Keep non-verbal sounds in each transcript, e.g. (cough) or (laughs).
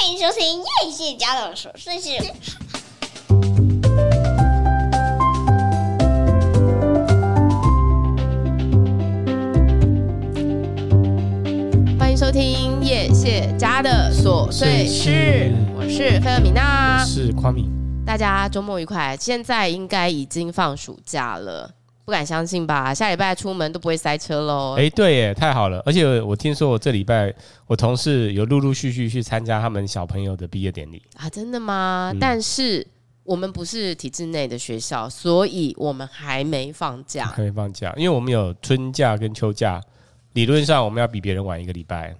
歡迎收聽葉謝家的瑣碎事。歡迎收聽葉謝家的瑣碎事。我是菲爾米娜，我是匡敏。大家週末愉快！現在應該已經放暑假了。不敢相信吧？下禮拜出門都不會塞車嘍！哎，欸，對耶，太好了！而且我，我聽說我這禮拜我同事有陸陸續續去參加他們小朋友的畢業典禮啊。真的嗎？嗯。但是我們不是體制內的學校，所以我們還沒放假，還沒放假，因為我們有春假跟秋假，理論上我們要比別人晚一個禮拜。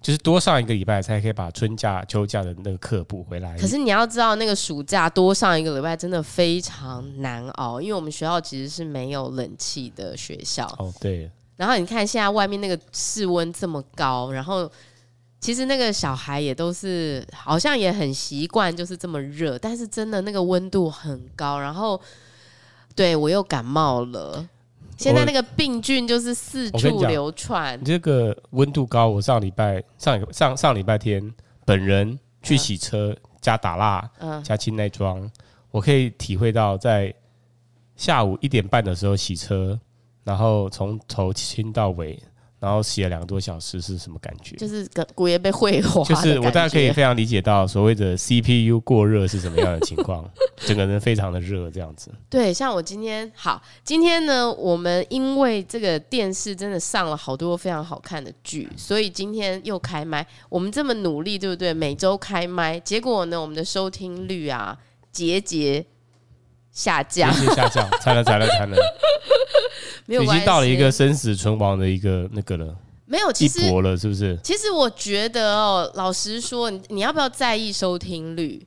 就是多上一個禮拜，才可以把春假、秋假的那個課補回來。可是你要知道，那個暑假多上一個禮拜真的非常難熬，因為我們學校其實是沒有冷氣的學校。哦，對。然後你看現在外面那個室溫這麼高，然後其實那個小孩也都是好像也很習慣，就是這麼熱。但是真的那個溫度很高，然後對我又感冒了。現在那個病菌，就是四處流傳。你這個溫度高，我上禮拜上上上禮拜天本人去洗車、嗯、加打蠟，嗯、加清內裝，我可以體會到在下午一點半的時候洗車，然後從頭清到尾，然後寫了兩個多小時是什麼感覺？就是古也被揮花。就是我大概可以非常理解到所謂的 CPU 過熱是什麼樣的情況，整個人非常的熱這樣子。對，像我今天好，今天呢，我們因為這個電視真的上了好多非常好看的劇，所以今天又開麥。我們這麼努力，對不對？每週開麥，結果呢，我們的收聽率啊，節節下降，下降，慘了慘了，慘了已經到了一個生死存亡的一個那個了，沒有，其實一搏了，是不是？其實我覺得哦，老實說你，你要不要在意收聽率？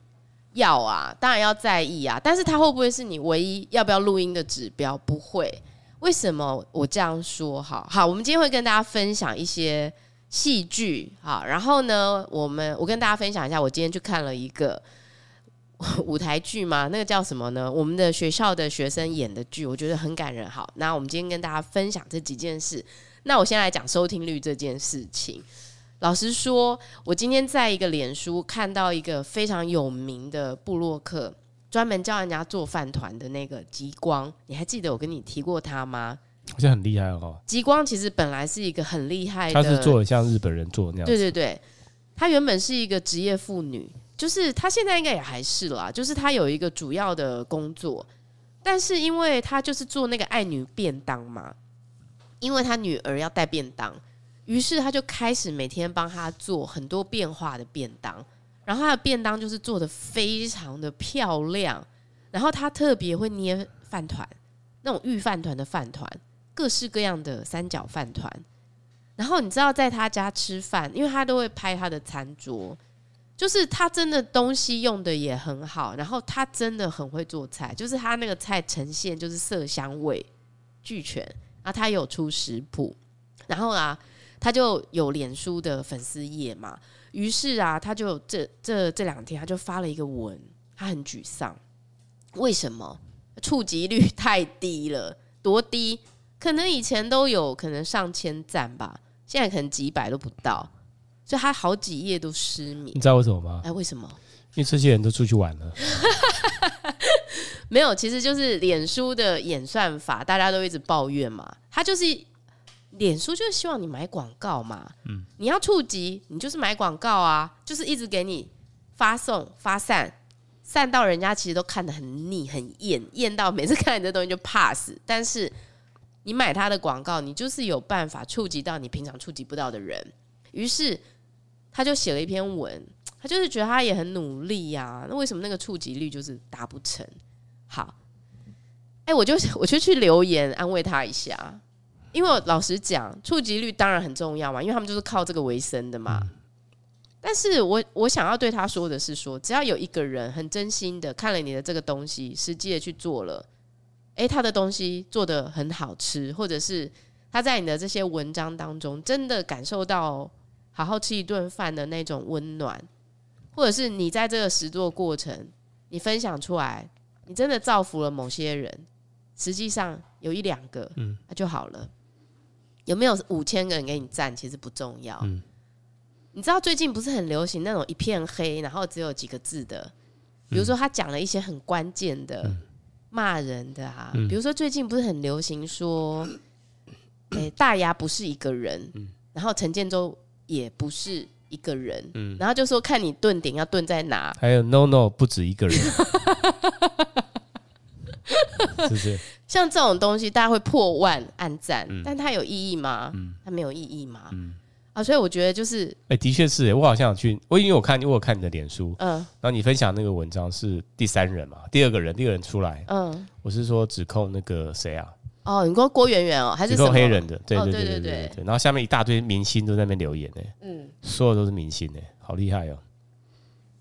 要啊，當然要在意啊。但是它會不會是你唯一要不要錄音的指標？不會。為什麼我這樣說？好好，我們今天會跟大家分享一些戲劇。好，然後呢，我們我跟大家分享一下，我今天去看了一個。舞台劇嗎？那個叫什麼呢？我們的學校的學生演的劇，我覺得很感人。好，那我們今天跟大家分享這幾件事。那我先來講收聽率這件事情。老實說，我今天在一個臉書看到一個非常有名的部落客，專門教人家做飯糰的那個極光。你還記得我跟你提過他嗎？好像很厲害哦。極光其實本來是一個很厲害的，他是做的像日本人做的那樣子。對對對，他原本是一個職業婦女。就是他現在應該也還是啦，就是他有一個主要的工作，但是因為他就是做那個愛女便當嘛，因為他女兒要帶便當，於是他就開始每天幫他做很多變化的便當，然後他的便當就是做得非常的漂亮，然後他特別會捏飯糰，那種御飯糰的飯糰，各式各樣的三角飯糰，然後你知道在他家吃飯，因為他都會拍他的餐桌。就是他真的東西用的也很好，然後他真的很會做菜，就是他那個菜呈現就是色香味俱全。然後啊，他有出食譜，然後啊，他就有臉書的粉絲頁嘛。於是啊，他就這這這兩天他就發了一個文，他很沮喪，為什麼觸及率太低了？多低？可能以前都有可能上千贊吧，現在可能幾百都不到。就他好幾夜都失眠，你知道為什麼嗎？哎，為什麼？因為這些人都出去玩了 (laughs) 沒有，其實就是臉書的演算法，大家都一直抱怨嘛。他就是臉書，就是希望你買廣告嘛。嗯，你要觸及，你就是買廣告啊，就是一直給你發送、發散，散到人家其實都看得很膩、很厭，厭到每次看你這東西就 pass。但是你買他的廣告，你就是有辦法觸及到你平常觸及不到的人，於是。他就寫了一篇文，他就是覺得他也很努力呀、啊，那為什麼那個觸及率就是達不成？好，哎、欸，我就我就去留言安慰他一下，因為我老實講，觸及率當然很重要嘛，因為他們就是靠這個為生的嘛。但是我我想要對他說的是說，說只要有一個人很真心的看了你的這個東西，實際的去做了，哎、欸，他的東西做得很好吃，或者是他在你的這些文章當中真的感受到。好好吃一頓飯的那種溫暖，或者是你在這個實作過程，你分享出來，你真的造福了某些人，實際上有一兩個，那就好了。有沒有五千個人給你讚，其實不重要。你知道最近不是很流行那種一片黑，然後只有幾個字的，比如說他講了一些很關鍵的，罵人的啊。比如說最近不是很流行說，哎，大牙不是一個人，然後陳建州。也不是一個人，嗯，然後就說，看你頓點要頓在哪，還有 no no，不止一個人、 (laughs) (laughs) 嗯，是不是？像這種東西，大家會破萬按讚、嗯，但它有意義嗎、嗯？它沒有意義嗎？嗯，啊，所以我覺得就是，哎、欸，的確是、欸，我好像有去，我因為我看我有看你的臉書，嗯，然後你分享那個文章是第三人嘛，第二個人，第二個人出來，嗯，我是說指控那個誰啊？哦，你說郭圓圓哦，還是說黑人的，對對,對對對對對對。然後下面一大堆明星都在那邊留言呢，嗯，說的都是明星呢，好厲害哦。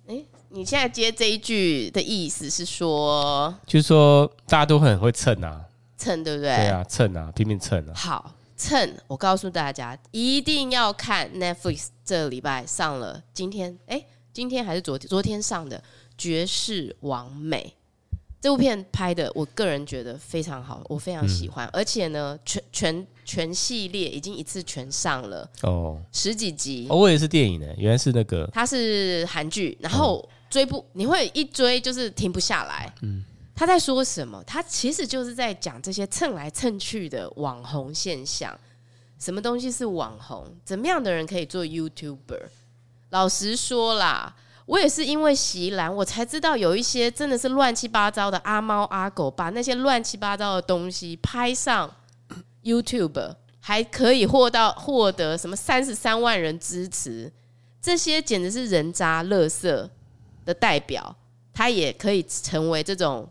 哎、欸，你現在接這一句的意思是說？就是說大家都很會蹭啊，蹭對不對？對啊，蹭啊，拼命蹭啊。好蹭，我告訴大家一定要看 Netflix，這個禮拜上了，今天哎、欸，今天還是昨天昨天上的《絕世網美》。這部片拍的，我個人覺得非常好，我非常喜歡。嗯、而且呢，全全全系列已經一次全上了哦，十幾集哦,哦。我以為是電影耶，原來是那個，他是韓劇，然後追不、嗯、你會一追就是停不下來。嗯，他在說什麼？他其實就是在講這些蹭來蹭去的網紅現象。什麼東西是網紅？怎麼樣的人可以做 YouTuber？老實說啦。我也是因為習蘭，我才知道有一些真的是亂七八糟的阿貓阿狗，把那些亂七八糟的東西拍上 YouTube，還可以獲到獲得什麼三十三萬人支持，這些簡直是人渣、垃圾的代表，他也可以成為這種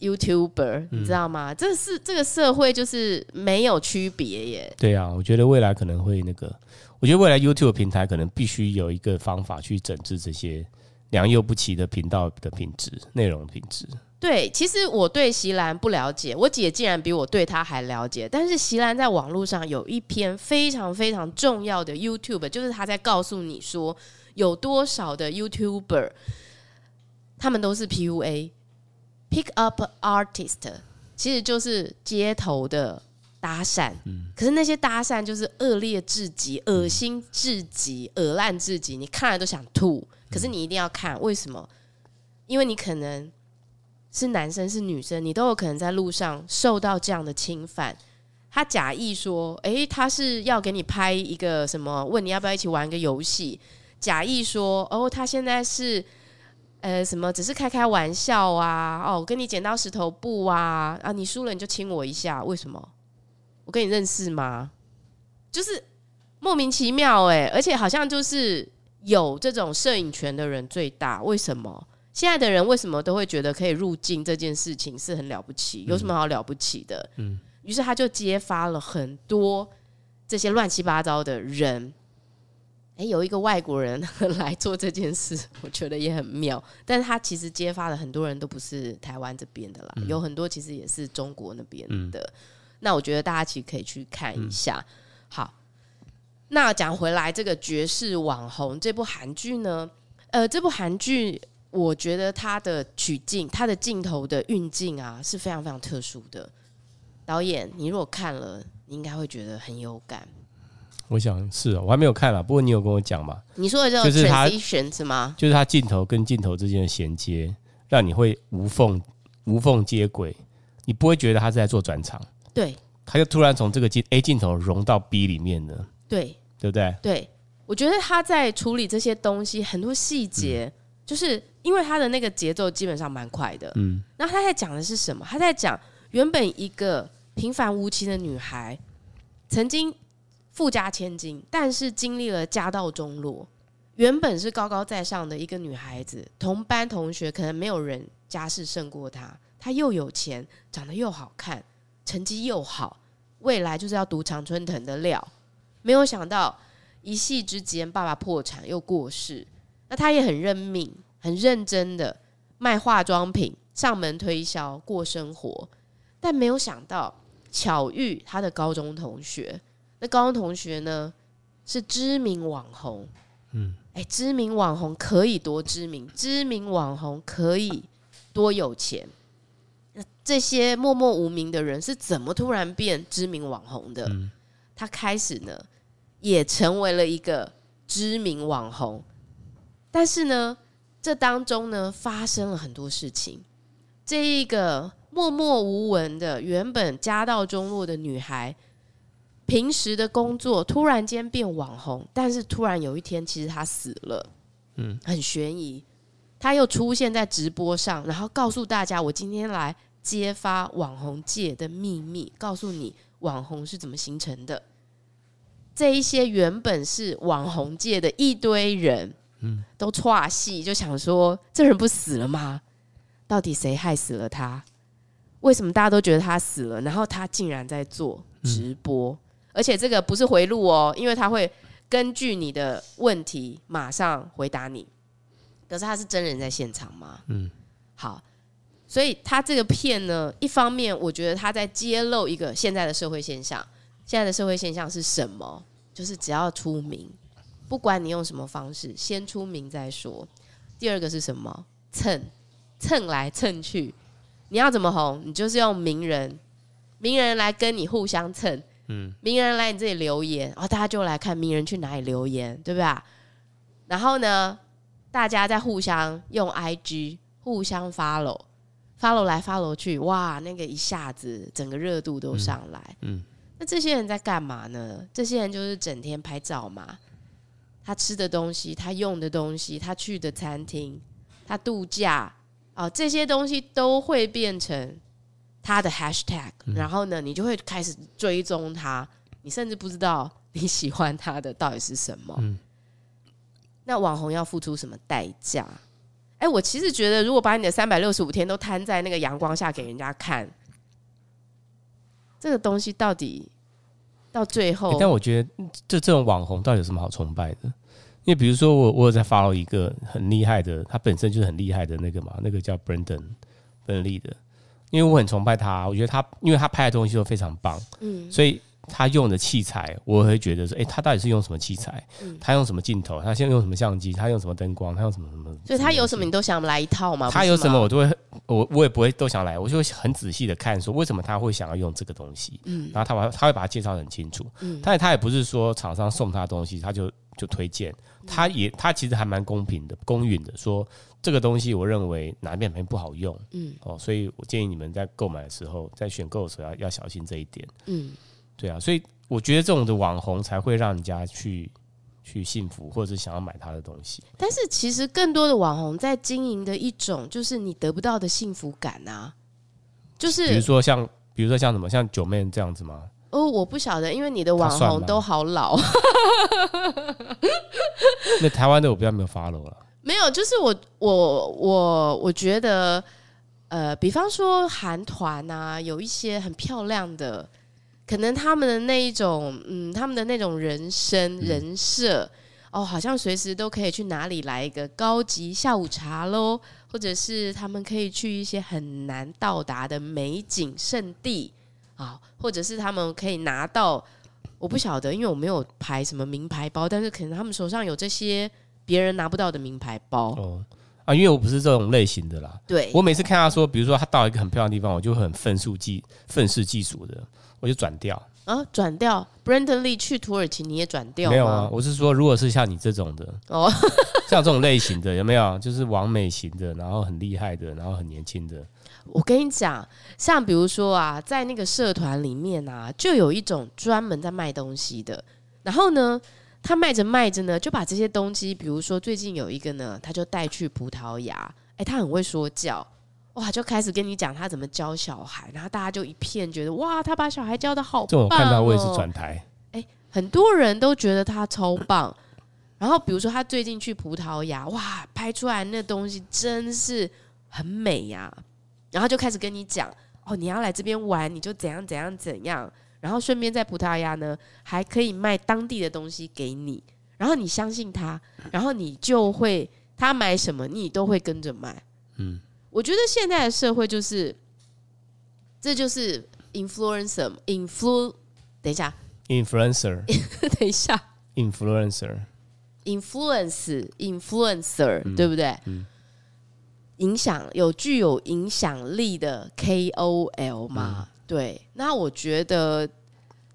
YouTuber、嗯、你知道嗎？這是這個社會就是沒有區別耶。對啊，我覺得未來可能會那個。我覺得未來 YouTube 平台，可能必須有一個方法去整治這些良莠不齊的頻道的品質、內容的品質。對，其實我對席蘭不了解，我姐竟然比我對她還了解。但是席蘭在網絡上有一篇非常非常重要的 YouTube，就是她在告訴你說，有多少的 YouTuber 他們都是 PUA（Pick Up Artist），其實就是街頭的。搭訕，可是那些搭訕就是惡劣至極、噁心至極、惡爛至極，你看了都想吐。可是你一定要看，為什麼？因為你可能是男生，是女生，你都有可能在路上受到這樣的侵犯。他假意說：“哎、欸，他是要給你拍一個什麼？問你要不要一起玩一個遊戲？”假意說：“哦，他現在是呃什麼？只是開開玩笑啊。哦，我跟你剪刀石頭布啊啊！你輸了你就親我一下，為什麼？”我跟你認識嗎？就是莫名其妙哎、欸，而且好像就是有這種攝影權的人最大。為什麼現在的人為什麼都會覺得可以入境這件事情是很了不起？有什麼好了不起的？嗯，於是他就揭發了很多這些亂七八糟的人。誒、欸，有一個外國人來做這件事，我覺得也很妙。但是他其實揭發的很多人都不是台灣這邊的啦，有很多其實也是中國那邊的。嗯。那我覺得大家其實可以去看一下。好，那講回來，這個《絕世網紅》這部韓劇呢，呃，這部韓劇我覺得它的取景，它的鏡頭的運鏡啊，是非常非常特殊的。導演，你如果看了，你應該會覺得很有感。我想是哦，喔，我還沒有看啦，不過你有跟我講嘛，你說的叫 “transitions” 嗎？就是它鏡頭跟鏡頭之間的銜接，讓你會無縫無縫接軌，你不會覺得它是在做轉場。對，他就突然從這個鏡 A 鏡頭融到 B 裡面了，對對不對？對，我覺得他在處理這些東西很多細節，嗯，就是因為他的那個節奏基本上蠻快的，嗯。然後他在講的是什麼？他在講原本一個平凡無奇的女孩，曾經富家千金，但是經歷了家道中落。原本是高高在上的一個女孩子，同班同學可能沒有人家世勝過她，她又有錢，長得又好看。成績又好，未來就是要讀常春藤的料。沒有想到一夕之間，爸爸破產又過世。那他也很認命，很認真的賣化妝品，上門推銷過生活。但沒有想到巧遇他的高中同學。那高中同學呢，是知名網紅。嗯，哎，知名網紅可以多知名，知名網紅可以多有錢？這些默默無名的人是怎麼突然變知名網紅的？嗯。他開始呢，也成為了一個知名網紅。但是呢，這當中呢，發生了很多事情。這一個默默無聞的、原本家道中落的女孩，平時的工作突然間變網紅，但是突然有一天，其實她死了。嗯，很懸疑。她又出現在直播上，然後告訴大家：“我今天來。”揭發網紅界的秘密，告訴你網紅是怎麼形成的。這一些原本是網紅界的一堆人，嗯，都串戲，就想說這人不死了嗎？到底誰害死了他？為什麼大家都覺得他死了？然後他竟然在做直播，嗯、而且這個不是回錄哦，因為他會根據你的問題馬上回答你。可是他是真人在現場嗎？嗯，好。所以他這個片呢，一方面我覺得他在揭露一個現在的社會現象，現在的社會現象是什麼？就是只要出名，不管你用什麼方式，先出名再說。第二個是什麼？蹭蹭來蹭去，你要怎麼紅，你就是用名人，名人來跟你互相蹭，嗯，名人來你這裡留言，然後大家就來看名人去哪裡留言，對不對啊？然後呢，大家在互相用 IG 互相 follow。Follow 來 follow 去，哇，那個一下子整個熱度都上來，嗯。嗯，那這些人在幹嘛呢？這些人就是整天拍照嘛。他吃的東西，他用的東西，他去的餐廳，他度假，哦、呃，這些東西都會變成他的 hashtag、嗯。然後呢，你就會開始追蹤他，你甚至不知道你喜歡他的到底是什麼。嗯，那網紅要付出什麼代價？哎、欸，我其實覺得，如果把你的三百六十五天都攤在那個陽光下給人家看，這個東西到底到最後、欸，但我覺得這這種網紅到底有什麼好崇拜的？因為比如說我，我我有在 follow 一個很厲害的，他本身就是很厲害的那個嘛，那個叫 Brandon Benley 的，因為我很崇拜他，我覺得他因為他拍的東西都非常棒，嗯，所以。他用的器材，我會覺得說，哎、欸，他到底是用什麼器材？他用什麼鏡頭？他現在用什麼相機？他用什麼燈光？他用什麼什麼？所以，他有什麼你都想來一套嗎？他有什麼我都會，我我也不會都想來，我就會很仔細的看，說為什麼他會想要用這個東西？嗯，然後他把他會把它介紹很清楚。嗯、但是他也不是說廠商送他的東西他就就推薦、嗯，他也他其實還蠻公平的、公允的，說這個東西我認為哪邊沒不好用，嗯，哦，所以我建議你們在購買的時候，在選購的時候要要小心這一點，嗯。對啊，所以我覺得這種的網紅才會讓人家去去幸福，或者是想要買他的東西。但是其實更多的網紅在經營的一種就是你得不到的幸福感啊，就是比如說像比如說像什麼像 Joeman 這樣子嗎？哦，我不曉得，因為你的網紅都好老。 (laughs) 那台灣的我比較沒有 follow 了。沒有，就是我我我我覺得呃，比方說韓團啊，有一些很漂亮的。可能他們的那一種，嗯，他們的那種人生、嗯、人設，哦，好像隨時都可以去哪裡來一個高級下午茶嘍，或者是他們可以去一些很難到達的美景聖地啊、哦，或者是他們可以拿到，我不曉得，因為我沒有排什麼名牌包，但是可能他們手上有這些別人拿不到的名牌包哦啊，因為我不是這種類型的啦，對，我每次看他說、嗯，比如說他到一個很漂亮的地方，我就很憤世嫉憤世嫉俗的。嗯我就轉掉啊，轉掉。Brandon Lee 去土耳其你也轉掉？沒有啊，我是說，如果是像你這種的，哦， (laughs) 像這種類型的，有沒有？就是完美型的，然後很厲害的，然後很年輕的。我跟你講，像比如說啊，在那個社團裡面啊，就有一種專門在賣東西的。然後呢，他賣着賣着呢，就把這些東西，比如說最近有一個呢，他就帶去葡萄牙，哎、欸，他很會說教。哇，就開始跟你講他怎麼教小孩，然後大家就一片覺得哇，他把小孩教得好棒，喔，這種看到我也是轉台。哎、欸，很多人都覺得他超棒，嗯。然後比如說他最近去葡萄牙，哇，拍出來那東西真是很美呀，啊。然後就開始跟你講哦，你要來這邊玩，你就怎樣怎樣怎樣。然後順便在葡萄牙呢，還可以賣當地的東西給你。然後你相信他，然後你就會他買什麼，你都會跟着買。嗯。我覺得現在的社會就是，這就是 influencer，influ influencer，influe, 等一下 influencer，influence (laughs) influencer 對不對？嗯，影響有具有影響力的 KOL 嘛？對，那我覺得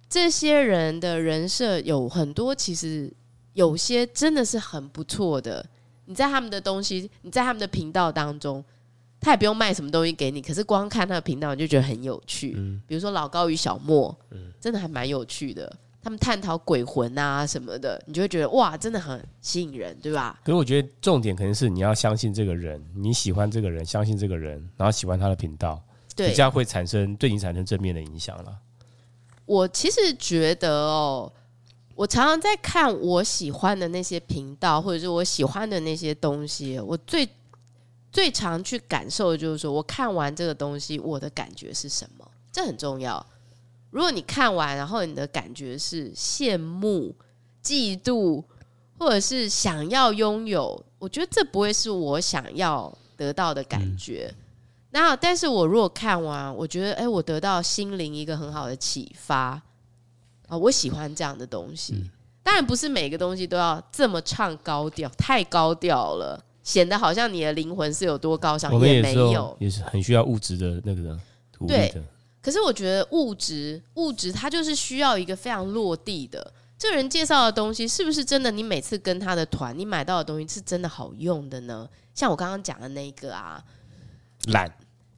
這些人的人設有很多，其實有些真的是很不錯的。你在他們的東西，你在他們的頻道當中。他也不用賣什麼東西給你，可是光看他的頻道你就覺得很有趣。嗯，比如說老高與小莫，嗯，真的還蠻有趣的。他們探討鬼魂啊什麼的，你就會覺得哇，真的很吸引人，對吧？可是我覺得重點肯定是你要相信這個人，你喜歡這個人，相信這個人，然後喜歡他的頻道，對，就這樣會產生對你產生正面的影響了。我其實覺得哦，我常常在看我喜歡的那些頻道，或者是我喜歡的那些東西，我最。最常去感受的就是說，我看完這個東西，我的感覺是什麼？這很重要。如果你看完，然後你的感覺是羨慕、嫉妒，或者是想要擁有，我覺得這不會是我想要得到的感覺。嗯、那但是我如果看完，我覺得，哎、欸，我得到心靈一個很好的啟發啊、哦，我喜歡這樣的東西。嗯、當然，不是每個東西都要這麼唱高調，太高調了。顯得好像你的靈魂是有多高尚，我們也沒有，也是很需要物質的那個人。對，對，可是我覺得物質，物質它就是需要一個非常落地的。這個人介紹的東西是不是真的？你每次跟他的團，你買到的東西是真的好用的呢？像我剛剛講的那個啊，懶。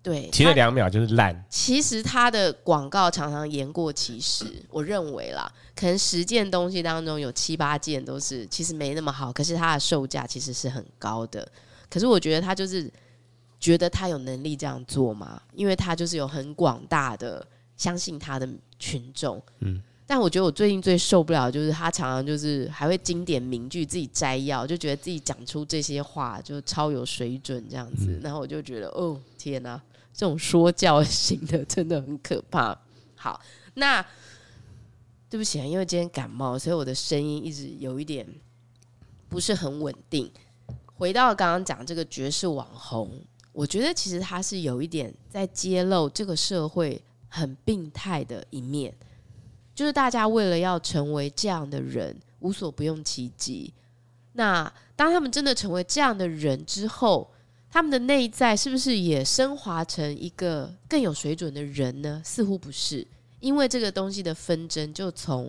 對，提了兩秒就是爛。其實他的廣告常常言過其實，我認為啦，可能十件東西當中有七八件都是其實沒那麼好，可是它的售價其實是很高的。可是我覺得他就是覺得他有能力這樣做嘛，因為他就是有很廣大的相信他的群眾。嗯，但我覺得我最近最受不了就是他常常就是還會經典名句自己摘要，就覺得自己講出這些話就超有水準這樣子，嗯、然後我就覺得哦天吶、啊！這種說教型的真的很可怕。好，那對不起啊，因為今天感冒，所以我的聲音一直有一點不是很穩定。回到剛剛講這個爵士網紅，我覺得其實他是有一點在揭露這個社會很病態的一面，就是大家為了要成為這樣的人，無所不用其極。那當他們真的成為這樣的人之後，他們的內在是不是也升華成一個更有水準的人呢？似乎不是，因為這個東西的紛爭就從、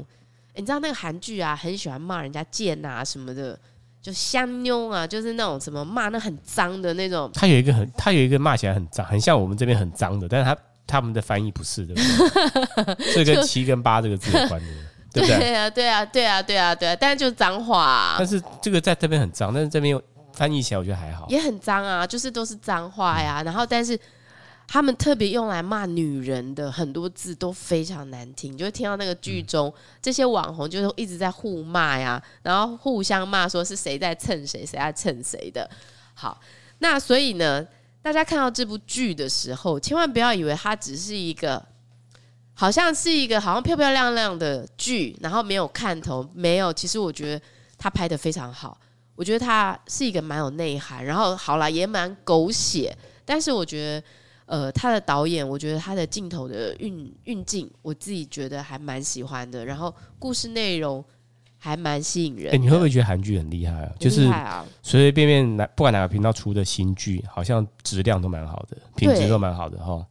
欸，你知道那個韓劇啊，很喜歡罵人家賤啊什麼的，就香妞啊，就是那種什麼罵那很髒的那種。他有一個很，他有一個罵起來很髒，很像我們這邊很髒的，但是他他們的翻譯不是的，這 (laughs) 跟七跟八這個字有關的， (laughs) 對不對？對啊，對啊，對啊，對啊，對啊，但是就是髒話、啊。但是這個在這邊很髒，但是這邊又。翻譯起來我覺得還好，也很髒啊，就是都是髒話呀、啊。然後，但是他們特別用來罵女人的很多字都非常難聽，就會聽到那個劇中、嗯、這些網紅就是一直在互罵呀、啊，然後互相罵說是誰在蹭誰，誰在蹭誰的。好，那所以呢，大家看到這部劇的時候，千萬不要以為它只是一個好像是一個好像漂漂亮亮的劇，然後沒有看頭，沒有。其實我覺得他拍的非常好。我覺得他是一個蠻有內涵，然後好啦也蠻狗血，但是我覺得呃他的導演，我覺得他的鏡頭的運運鏡，我自己覺得還蠻喜歡的，然後故事內容還蠻吸引人。哎、欸，你會不會覺得韓劇很厲害啊？就是隨隨便便不管哪個頻道出的新劇，好像質量都蠻好的，品質都蠻好的哈。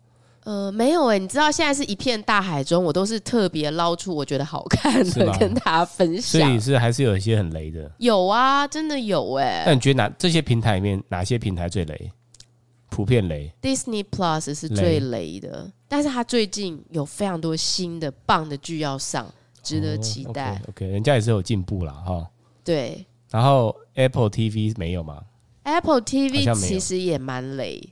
呃，沒有哎、欸，你知道現在是一片大海中，我都是特別撈出我覺得好看的跟大家分享。所以是還是有一些很雷的。有啊，真的有哎、欸。那你覺得哪這些平台裡面哪些平台最雷？普遍雷。Disney Plus 是最雷的雷，但是他最近有非常多新的棒的劇要上，值得期待。哦、okay, OK，人家也是有進步了哈。對。然後 Apple TV 沒有嗎？Apple TV 好像沒有，其實也蠻雷。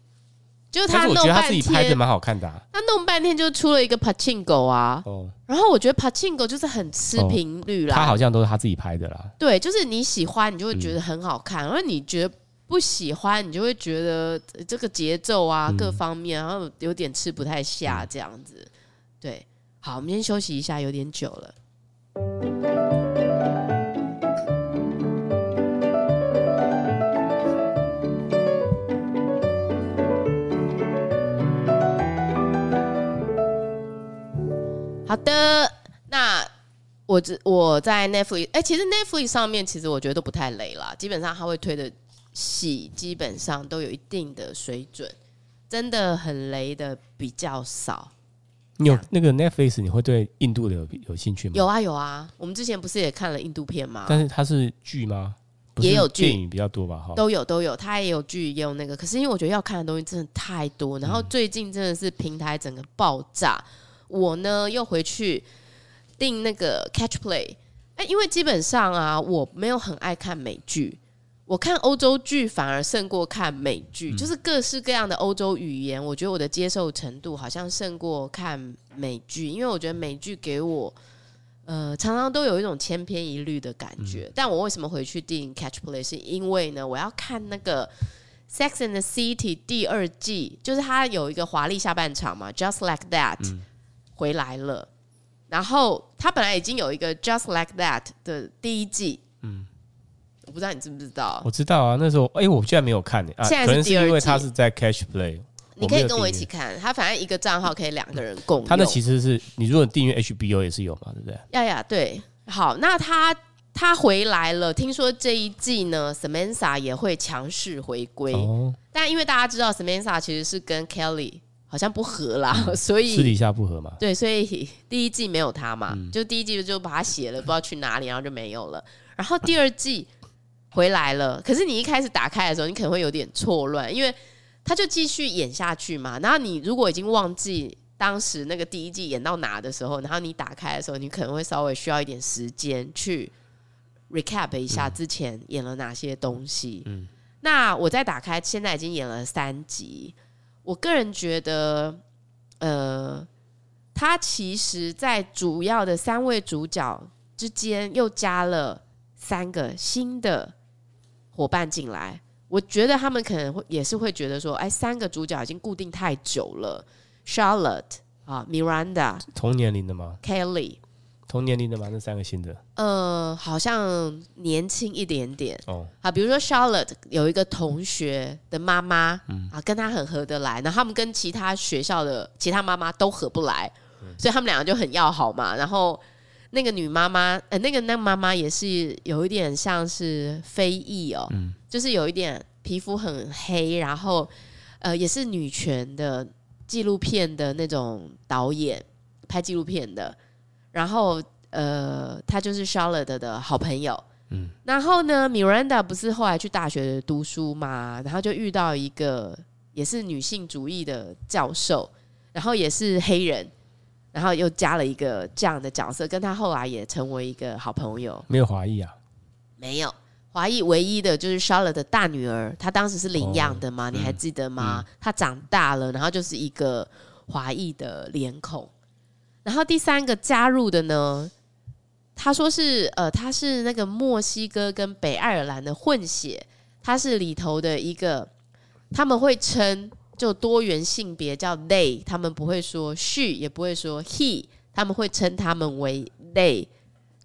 就是他弄半天，他弄半天就出了一個 Pachinko 啊，oh, 然後我覺得 Pachinko 就是很吃頻率啦。Oh, 他好像都是他自己拍的啦。對，就是你喜歡你就會覺得很好看，嗯、而你覺得不喜歡你就會覺得這個節奏啊、嗯、各方面，然後有點吃不太下這樣子、嗯。對，好，我們先休息一下，有點久了。嗯好的，那我只我在 Netflix，哎、欸，其實 Netflix 上面其實我覺得都不太雷啦，基本上他會推的戲基本上都有一定的水準，真的很雷的比較少。你有那個 Netflix，你會對印度的有有興趣嗎？有啊有啊，我們之前不是也看了印度片嗎？但是它是劇嗎？也有劇，電影比較多吧，哈，都有都有，它也有劇也有那個，可是因為我覺得要看的東西真的太多，然後最近真的是平台整個爆炸。我呢又回去訂那個 Catch Play，哎、欸，因為基本上啊，我沒有很愛看美劇，我看歐洲劇反而勝過看美劇，嗯，就是各式各樣的歐洲語言，我覺得我的接受程度好像勝過看美劇，因為我覺得美劇給我呃常常都有一種千篇一律的感覺。嗯、但我為什麼回去訂 Catch Play，是因為呢，我要看那個 Sex and the City 第二季，就是它有一個華麗下半場嘛，Just Like That、嗯。回來了，然後他本來已經有一個 Just Like That 的第一季，嗯，我不知道你知不知道，我知道啊，那時候，哎、欸，我居然沒有看、欸、啊，現在是，是因為他是在 Catch Play，你可以跟我一起看，他反正一個賬號可以兩個人共，他、嗯嗯、那其實是你如果訂閱 HBO 也是有嘛，嗯、對不對？亞、啊、亞對，好，那他他回來了，聽說這一季呢，Samantha 也會強勢回歸、哦，但因為大家知道 Samantha 其實是跟 Kelly。好像不合啦，嗯、所以私底下不合嘛。對，所以第一季沒有他嘛，嗯、就第一季就把他寫了，不知道去哪裡，然後就沒有了。然後第二季回來了， (laughs) 可是你一開始打開的時候，你可能會有點錯亂，因為他就繼續演下去嘛。然後你如果已經忘記當時那個第一季演到哪的時候，然後你打開的時候，你可能會稍微需要一點時間去 recap 一下之前演了哪些東西。嗯，那我再打開，現在已經演了三集。我個人覺得，呃，他其實，在主要的三位主角之間又加了三個新的夥伴進來。我覺得他們可能會也是會覺得說，哎、欸，三個主角已經固定太久了。Charlotte 啊，Miranda 同年齡的嗎？Kelly。同年齡的嗎？那三個新的，呃，好像年輕一點點哦。啊，比如說 Charlotte 有一個同學的媽媽，啊、嗯，跟她很合得來，然後他們跟其他學校的其他媽媽都合不來、嗯，所以他們兩個就很要好嘛。然後那個女媽媽，呃，那個那媽媽也是有一點像是非裔哦、嗯，就是有一點皮膚很黑，然後呃，也是女權的紀錄片的那種導演，拍紀錄片的。然後，呃，她就是 Charlotte 的好朋友。嗯，然後呢，Miranda 不是後來去大學讀書嘛，然後就遇到一個也是女性主義的教授，然後也是黑人，然後又加了一個這樣的角色，跟她後來也成為一個好朋友。沒有華裔啊？沒有華裔，唯一的就是 Charlotte 的大女兒，她當時是領養的嘛？哦，你還記得嗎？嗯嗯。她長大了，然後就是一個華裔的臉孔。然後第三個加入的呢，他說是呃，他是那個墨西哥跟北愛爾蘭的混血，他是裡頭的一個，他們會稱就多元性別叫 they，他們不會說 she，也不會說 he，他們會稱他們為 they，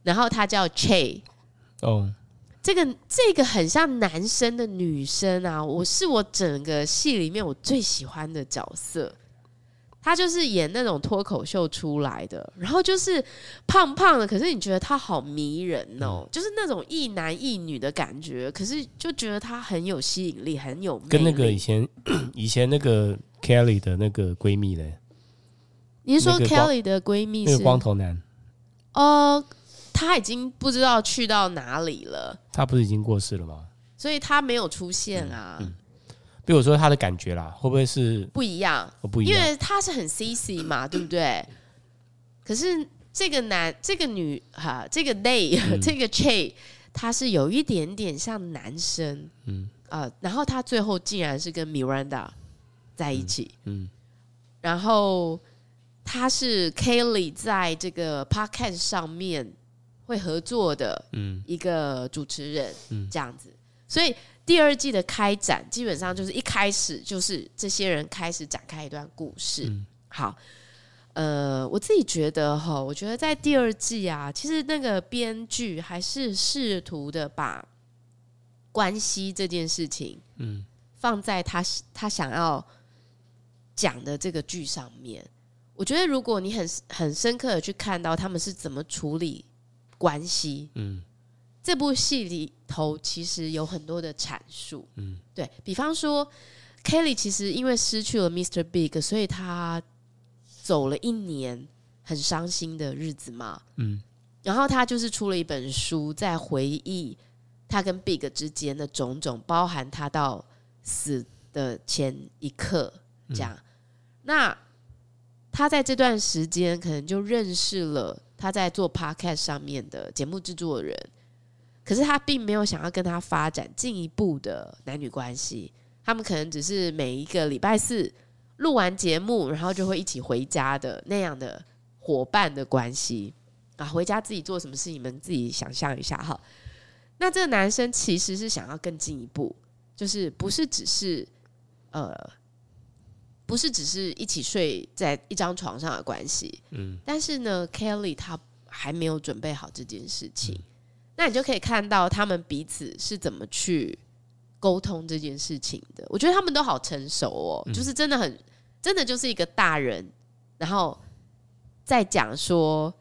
然後他叫 Che，哦，oh. 這個這個很像男生的女生啊，我是我整個戲裡面我最喜歡的角色。他就是演那種脫口秀出來的，然後就是胖胖的，可是你覺得他好迷人哦、喔，no. 就是那種一男一女的感覺，可是就覺得他很有吸引力，很有魅力。跟那個以前 (coughs) 以前那個 Kelly 的那個閨蜜嘞，你說 Kelly 的閨蜜是、那個、光頭男？哦、uh,，他已經不知道去到哪裡了。他不是已經過世了嗎？所以他沒有出現啊。嗯嗯以，我說他的感覺啦，會不會是不一,會不一樣？因為他是很 CC 嘛，對不對？ (coughs) 可是這個男，這個女，哈、啊，這個 Day，、嗯、這個 Chay，他是有一點點像男生，嗯啊，然後他最後竟然是跟 Miranda 在一起，嗯，嗯然後他是 Kelly 在這個 Podcast 上面會合作的，嗯，一個主持人嗯，嗯，這樣子，所以。第二季的開展基本上就是一開始就是這些人開始展開一段故事。嗯。好，呃，我自己覺得哈，我覺得在第二季啊，其實那個編劇還是試圖的把關係這件事情，放在他他想要講的這個劇上面。我覺得如果你很很深刻的去看到他們是怎麼處理關係，嗯。這部戲裡頭其實有很多的闡述，嗯，對，比方說，Kelly 其實因為失去了 Mr. Big，所以他走了一年很傷心的日子嘛，嗯，然後他就是出了一本書，在回憶他跟 Big 之間的種種，包含他到死的前一刻，這樣。嗯，那他在這段時間可能就認識了他在做 Podcast 上面的節目製作人。可是他並沒有想要跟他發展進一步的男女關係，他們可能只是每一個禮拜四錄完節目，然後就會一起回家的那樣的伙伴的關係啊，回家自己做什麼事，你們自己想象一下哈。那這個男生其實是想要更進一步，就是不是只是呃，不是只是一起睡在一張床上的關係，嗯，但是呢，Kelly 他還沒有準備好這件事情。嗯。那你就可以看到他們彼此是怎麼去溝通這件事情的。我覺得他們都好成熟哦、喔嗯，就是真的很真的就是一個大人，然後在講說，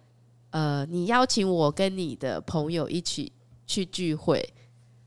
呃，你邀請我跟你的朋友一起去聚會，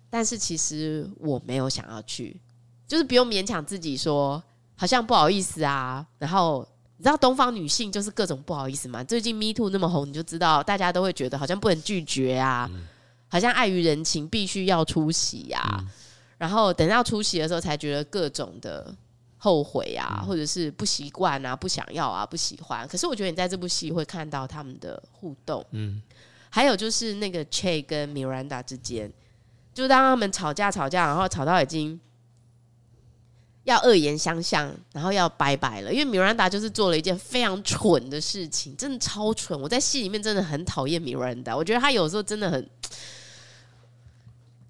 但是其實我沒有想要去，就是不用勉強自己說好像不好意思啊。然後你知道東方女性就是各種不好意思嘛？最近 Me Too 那麼紅，你就知道大家都會覺得好像不能拒絕啊。嗯好像礙於人情，必須要出席呀，啊嗯。然後等到出席的時候，才覺得各種的後悔啊，嗯，或者是不習慣啊，不想要啊，不喜歡。可是我覺得你在這部戲會看到他們的互動，嗯，還有就是那個 Che 跟 Miranda 之間，就當他們吵架吵架，然後吵到已經要惡言相向，然後要拜拜了。因為 Miranda 就是做了一件非常蠢的事情，真的超蠢。我在戲裡面真的很討厭 Miranda，我覺得他有時候真的很。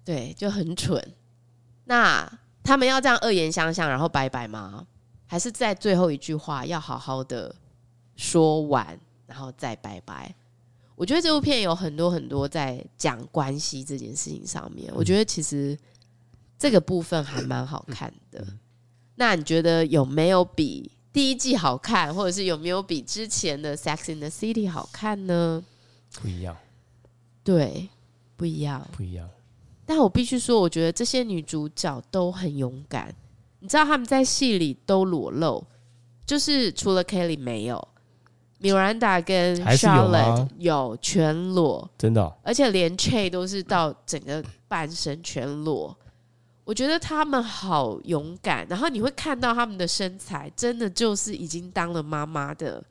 對，就很蠢。那他們要這樣惡言相向，然後拜拜嗎？還是在最後一句話要好好的說完，然後再拜拜？我覺得這部片有很多很多在講關係這件事情上面。嗯，我覺得其實這個部分還蠻好看的。嗯。那你覺得有沒有比第一季好看，或者是有沒有比之前的《Sex in the City》好看呢？不一樣。對，不一樣。不一樣。但我必須說，我覺得這些女主角都很勇敢。你知道她們在戲裡都裸露，就是除了 Kelly 沒有，Miranda 跟 Charlotte 有，有全裸，真的，而且連 Che 都是到整個半身全裸。我覺得她們好勇敢，然後你會看到她們的身材，真的就是已經當了媽媽的。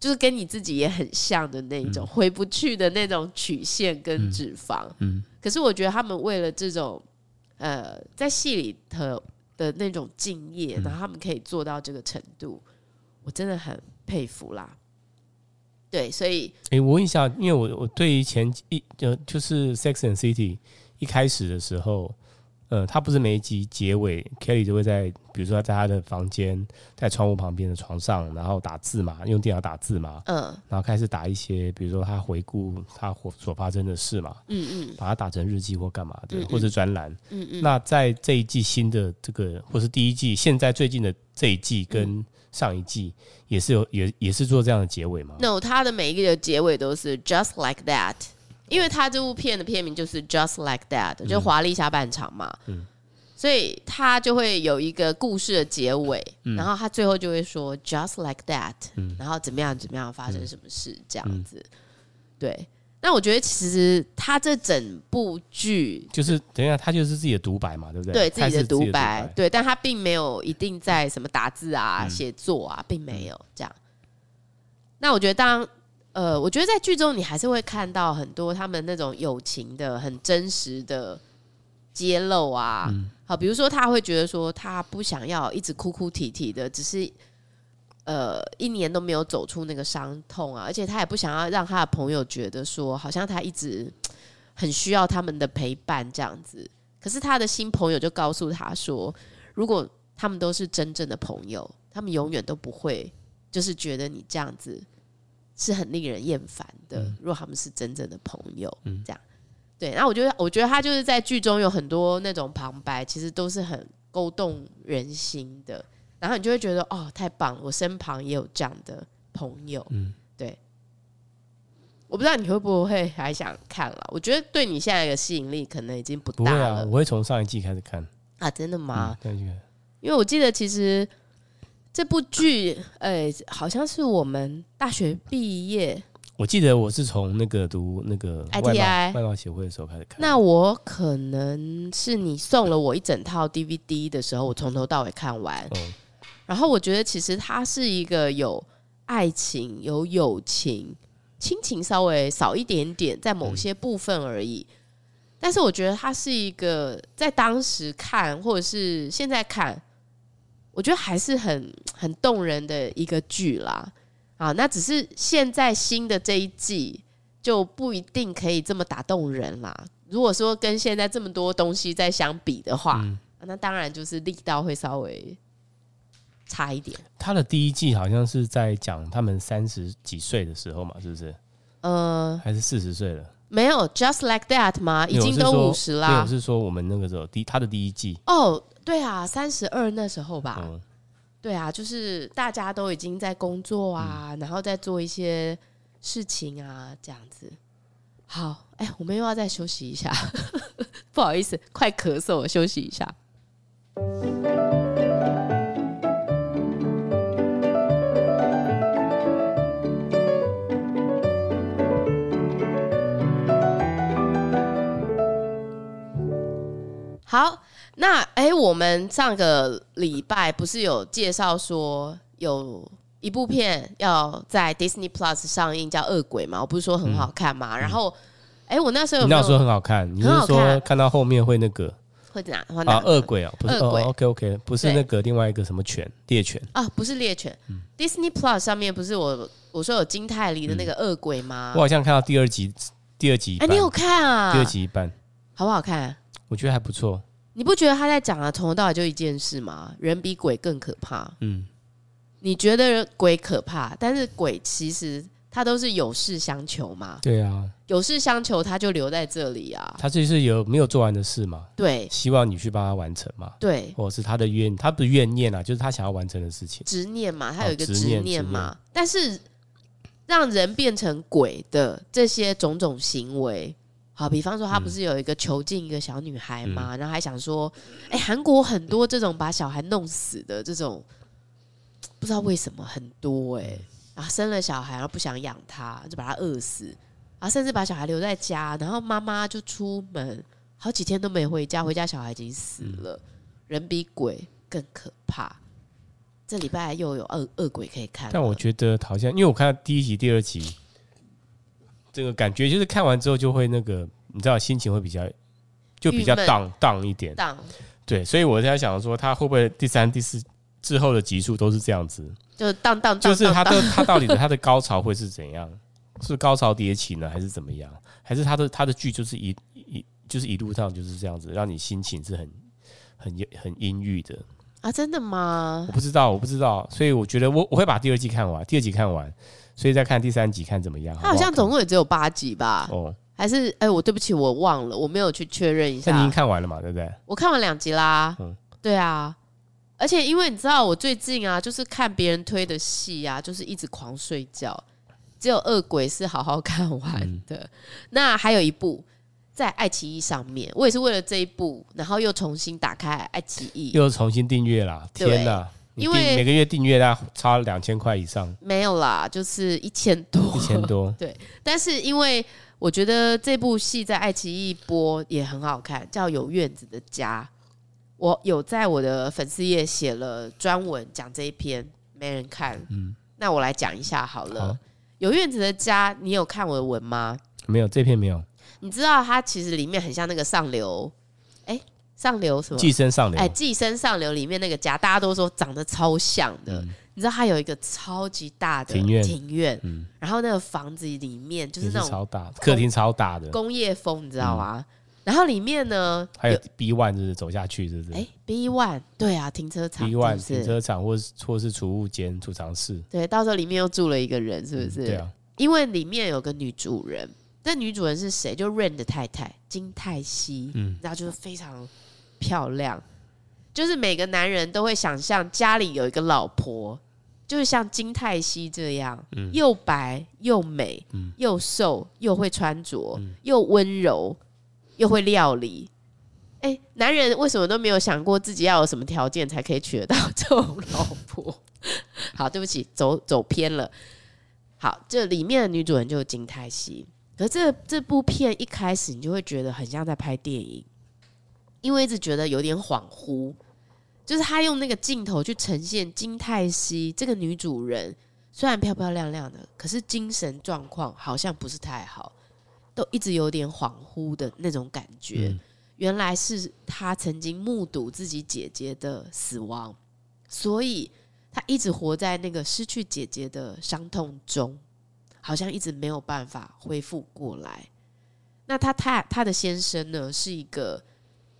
就是跟你自己也很像的那一種回不去的那種曲線跟脂肪，嗯嗯、可是我覺得他們為了這種呃在戲裡的的那種敬業，然後他們可以做到這個程度，嗯、我真的很佩服啦。對，所以哎、欸，我問一下，因為我我對於前一就就是《Sex and City》一開始的時候。呃，他不是每一集結尾，Kelly 就會在，比如說他在他的房間，在窗戶旁邊的床上，然後打字嘛，用電腦打字嘛，嗯，然後開始打一些，比如說他回顧他所發生的事嘛，嗯嗯，把它打成日記或幹嘛的，嗯嗯或是專欄，嗯嗯。那在這一季新的這個，或是第一季現在最近的這一季跟上一季，嗯、也是有也也是做這樣的結尾嗎？No，他的每一個結尾都是 Just like that。因為他這部片的片名就是 Just Like That，嗯、就華、是、麗下半場嘛、嗯，所以他就會有一個故事的結尾，嗯、然後他最後就會說 Just Like That，嗯、然後怎麼樣怎麼樣發生什麼事這樣子。嗯嗯嗯、對，那我覺得其實他這整部劇就是等一下，他就是自己的獨白嘛，對不對？對自己的獨白，白，對，但他並沒有一定在什麼打字啊、寫、嗯、作啊，並沒有這樣。嗯、那我覺得當。呃，我覺得在劇中你還是會看到很多他們那種友情的很真實的揭露啊。嗯。好，比如說他會覺得說他不想要一直哭哭啼啼的，只是呃一年都沒有走出那個傷痛啊，而且他也不想要讓他的朋友覺得說好像他一直很需要他們的陪伴這樣子。可是他的新朋友就告訴他說，如果他們都是真正的朋友，他們永遠都不會就是覺得你這樣子。.是很令人厭煩的。如果他們是真正的朋友，嗯，這樣，對。然後我覺得，我覺得他就是在劇中有很多那種旁白，其實都是很勾動人心的。然後你就會覺得，哦，太棒了！我身旁也有這樣的朋友，嗯，對。我不知道你會不會還想看了。我覺得對你現在的吸引力可能已經不大了。不會啊、我會從上一季開始看啊，真的嗎？嗯、對，對，對，因為我記得其實。這部劇，呃、欸，好像是我們大學畢業。我記得我是從那個讀那個 ITI 外貿協會的時候開始看。那我可能是你送了我一整套 DVD 的時候，我從頭到尾看完。嗯、然後我覺得其實它是一個有愛情、有友情、親情稍微少一點點，在某些部分而已。嗯、但是我覺得它是一個在當時看，或者是現在看。我覺得還是很很動人的一個劇啦，啊，那只是現在新的這一季就不一定可以這麼打動人啦。如果說跟現在這麼多東西在相比的話，嗯，啊，那當然就是力道會稍微差一點。他的第一季好像是在講他們三十幾歲的時候嘛，是不是？呃，還是四十歲了？沒有，just like that 嘛，已經都五十啦。沒是，是說我們那個時候第他的第一季哦。Oh, 對啊，三十二那時候吧、哦，對啊，就是大家都已經在工作啊、嗯，然後在做一些事情啊，這樣子。好，哎、欸，我們又要再休息一下， (laughs) 不好意思，快咳嗽，休息一下。嗯、好。那誒、欸，我們上個禮拜不是有介紹說有一部片要在 Disney Plus 上映，叫《惡鬼》嗎？我不是說很好看嗎？嗯嗯、然後誒、欸，我那時候有，有你那時候很好看？很好看。看到後面會那個會哪？那、啊啊、惡鬼哦、啊，不是。惡鬼、哦、OK OK，不是那個另外一個什麼犬獵犬啊、哦，不是獵犬。嗯、Disney Plus 上面不是我我說有金泰梨的那個惡鬼嗎、嗯？我好像看到第二集，第二集哎、欸，你有看啊？第二集一般。好不好看？我覺得還不錯。你不覺得他在講的從頭到尾就一件事嗎？人比鬼更可怕。嗯，你覺得鬼可怕，但是鬼其實他都是有事相求嘛。對啊，有事相求他就留在這裡啊。他其實有沒有做完的事嗎？對，希望你去幫他完成嘛。對，或者是他的怨，他不怨念啊，就是他想要完成的事情，執念嘛，他有一個執念嘛，哦。但是讓人變成鬼的這些種種行為。好，比方說他不是有一個囚禁一個小女孩嗎？嗯、然後還想說，哎、欸，韓國很多這種把小孩弄死的這種，不知道為什麼很多哎、欸、啊，然後生了小孩然後不想養他，就把他餓死，然後甚至把小孩留在家，然後媽媽就出門好幾天都沒回家，回家小孩已經死了，嗯，人比鬼更可怕。這禮拜又有惡惡鬼可以看，但我覺得好像因為我看到第一集、第二集。這個感覺就是看完之後就會那個，你知道，心情會比較就比較 down down 一點。down，對，所以我在想說，他會不會第三、第四之後的集數都是這樣子？就 down down down，就是他的他到底他的高潮會是怎樣？是高潮迭起呢，還是怎麼樣？還是他的他的劇就是一一就是一路上就是這樣子，讓你心情是很很很陰鬱的啊？真的嗎？我不知道，我不知道，所以我覺得我我會把第二季看完，第二季看完。所以再看第三集看怎麼樣？好不好看。他好像總共也只有八集吧？哦、oh.，還是哎、欸，我對不起，我忘了，我沒有去確認一下。你已經看完了嘛？對不對？我看完兩集啦。嗯，對啊。而且因為你知道，我最近啊，就是看別人推的戲啊，就是一直狂睡覺，只有《惡鬼》是好好看完的。嗯、那還有一部在愛奇藝上面，我也是為了這一部，然後又重新打開愛奇藝，又重新訂閱了。天哪！因為每個月訂閱大概差兩千塊以上，沒有啦，就是一千多，一千多，對。但是因為我覺得這部戲在愛奇藝播也很好看，叫《有院子的家》，我有在我的粉絲頁寫了專文講這一篇，沒人看。嗯，那我來講一下好了，啊《有院子的家》，你有看我的文嗎？沒有，這篇沒有。你知道它其實裡面很像那個上流。上流什麼？寄生上流，哎、欸，寄生上流裡面那個家，大家都說長得超像的。嗯、你知道它有一個超級大的庭院，庭院、嗯，然後那個房子裡面就是那種是超大客廳，超大的工業風，你知道嗎、嗯？然後裡面呢，還有 B one，就是走下去，是不是？哎，B one，對啊，停車場，B one 停車場或是或是儲物間、儲藏室。對，到時候裡面又住了一個人，是不是？嗯、對啊，因為裡面有個女主人，那女主人是誰？就 Rain 的太太金泰熙，嗯，然後就是非常。漂亮，就是每個男人都會想像家裡有一個老婆，就是像金泰熙這樣，嗯、又白又美，又瘦又會穿着、嗯，又溫柔又會料理。哎、欸，男人為什麼都沒有想過自己要有什麼條件才可以娶得到這種老婆？ (laughs) 好，對不起，走走偏了。好，這裡面的女主人就是金泰熙，可這這部片一開始你就會覺得很像在拍電影。因為一直覺得有點恍惚，就是他用那個鏡頭去呈現金泰熙這個女主人，雖然漂漂亮亮的，可是精神狀況好像不是太好，都一直有點恍惚的那種感覺。嗯。原來是他曾經目睹自己姐姐的死亡，所以他一直活在那個失去姐姐的傷痛中，好像一直沒有辦法恢復過來。那他他他的先生呢，是一個。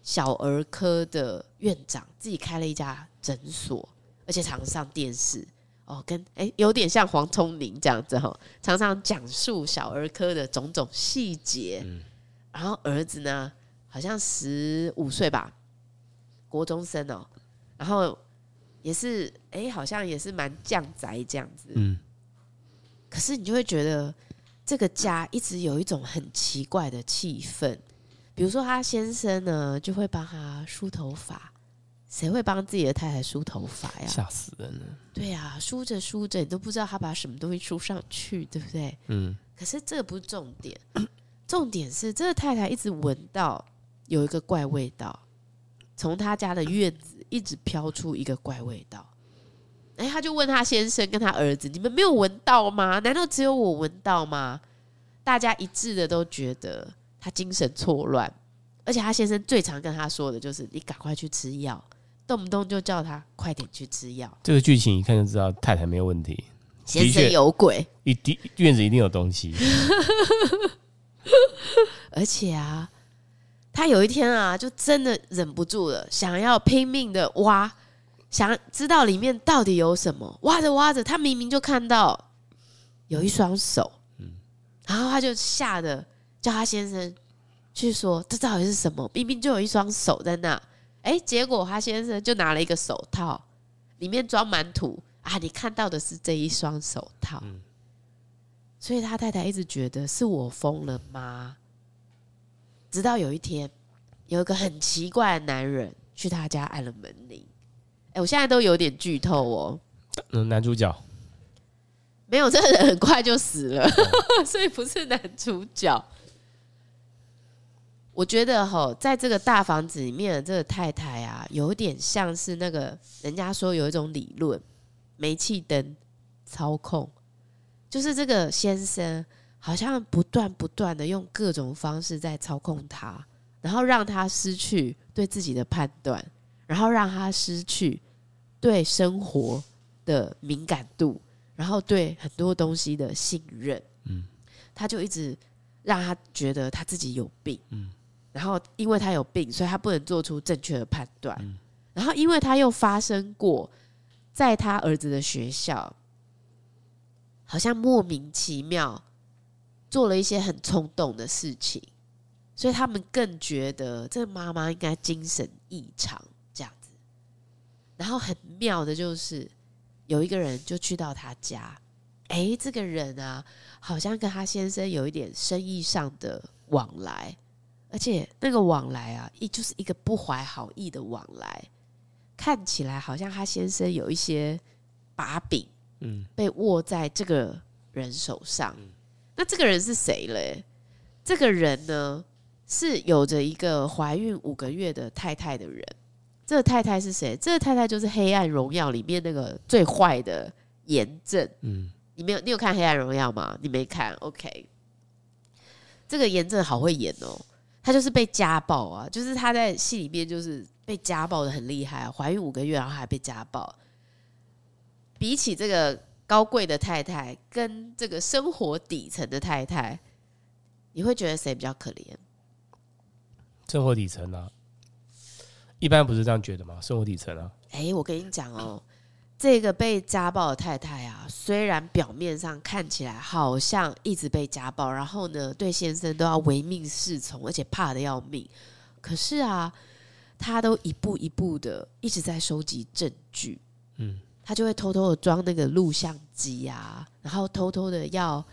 小兒科的院長自己開了一家診所，而且常上電視哦、喔，跟誒、欸，有點像黃瑽寧這樣子哦、喔，常常講述小兒科的種種細節、嗯。然後兒子呢，好像十五歲吧，國中生哦、喔，然後也是哎、欸，好像也是蠻將宅這樣子。嗯，可是你就會覺得這個家一直有一種很奇怪的氣氛。比如說，他先生呢就會幫他梳頭髮，誰會幫自己的太太梳頭髮呀？嚇死人了！對呀，梳着梳着，你都不知道他把什麼東西梳上去，對不對？嗯。可是這個不是重點，重點是這個太太一直聞到有一個怪味道，從他家的院子一直飄出一個怪味道。哎，他就問他先生跟他兒子：“你們沒有聞到嗎？難道只有我聞到嗎？”大家一致的都覺得。他精神錯亂，而且他先生最常跟他說的就是：“你趕快去吃藥。”動不動就叫他快點去吃藥。這個劇情一看就知道太太沒有問題，先生有鬼，的確，一、一院子一定有東西。 (laughs) (laughs) 而且啊，他有一天啊，就真的忍不住了，想要拼命的挖，想知道裡面到底有什麼。挖着挖着，他明明就看到有一雙手，嗯，然後他就嚇得。叫他先生去說，這到底是什麼？明明就有一雙手在那，哎、欸，結果他先生就拿了一個手套，裡面裝滿土啊！你看到的是這一雙手套、嗯，所以他太太一直覺得是我瘋了嗎？直到有一天，有一個很奇怪的男人去他家按了門鈴，哎、欸，我現在都有點劇透哦、喔嗯。男主角沒有，這個人很快就死了，哦、 (laughs) 所以不是男主角。我覺得吼，在這個大房子裡面的這個太太啊，有點像是那個人家說有一種理論，煤氣燈操控，就是這個先生好像不斷不斷的用各種方式在操控他，然後讓他失去對自己的判斷，然後讓他失去對生活的敏感度，然後對很多東西的信任。嗯。他就一直讓他覺得他自己有病。嗯。然後，因為他有病，所以他不能做出正確的判斷。嗯、然後，因為他又發生過在他兒子的學校，好像莫名其妙做了一些很衝動的事情，所以他們更覺得這個媽媽應該精神異常這樣子。然後很妙的就是，有一個人就去到他家，哎，這個人啊，好像跟他先生有一點生意上的往來。而且那個往來啊，一就是一個不懷好意的往來，看起來好像他先生有一些把柄，嗯，被握在這個人手上。嗯、那這個人是誰嘞？這個人呢，是有着一個懷孕五個月的太太的人。這個太太是誰？這個太太就是《黑暗榮耀》裡面那個最壞的妍珍。嗯，你沒有？你有看《黑暗榮耀》嗎？你沒看？OK，這個妍珍好會演哦、喔。她就是被家暴啊，就是她在戲裡面就是被家暴得很厲害、啊，懷孕五個月然後還被家暴。比起這個高貴的太太跟這個生活底層的太太，你會覺得誰比較可憐？生活底層啊，一般不是這樣覺得嗎？生活底層啊，哎、欸，我跟你講哦、喔。這個被家暴的太太啊，雖然表面上看起來好像一直被家暴，然後呢，對先生都要唯命是從，而且怕得要命。可是啊，她都一步一步的一直在收集證據。嗯，她就會偷偷的裝那個錄像機啊，然後偷偷的要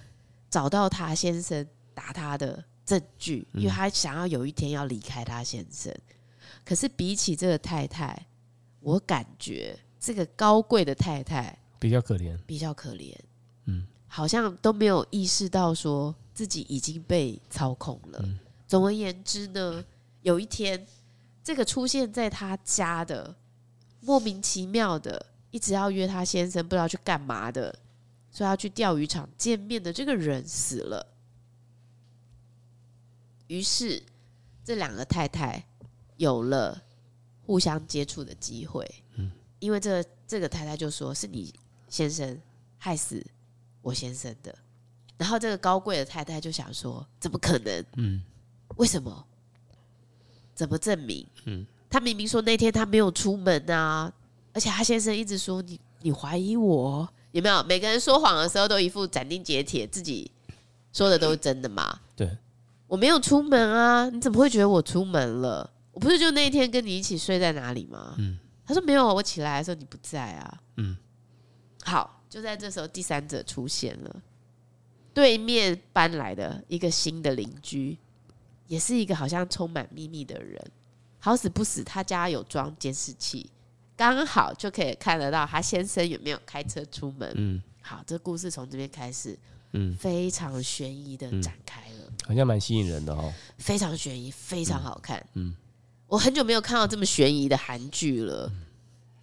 找到她先生打她的證據，因為她想要有一天要離開她先生。嗯。可是比起這個太太，我感覺。這個高貴的太太比較可憐，比較可憐，嗯，好像都沒有意識到說自己已經被操控了。嗯，總而言之呢，有一天，這個出現在他家的莫名其妙的，一直要約他先生不知道去幹嘛的，說要去釣魚場見面的這個人死了，於是這兩個太太有了互相接觸的機會。因為這這個太太就說是你先生害死我先生的，然後這個高貴的太太就想說：怎麼可能？嗯，為什麼？怎麼證明？嗯，他明明說那天他沒有出門啊，而且他先生一直說，你你懷疑我有沒有？每個人說謊的時候都一副斬釘截鐵，自己說的都是真的嗎？嗯。對，我沒有出門啊，你怎麼會覺得我出門了？我不是就那天跟你一起睡在哪裡嗎？嗯。他說：“沒有，我起來的時候你不在啊。”嗯，好，就在這時候，第三者出現了，對面搬來的一個新的鄰居，也是一個好像充滿秘密的人，好死不死，他家有裝監視器，剛好就可以看得到他先生有沒有開車出門。嗯，好，這故事從這邊開始，嗯，非常懸疑的展開了，嗯嗯、好像蠻吸引人的哦，嗯、非常懸疑，非常好看，嗯。嗯我很久沒有看到這麼懸疑的韓劇了，嗯，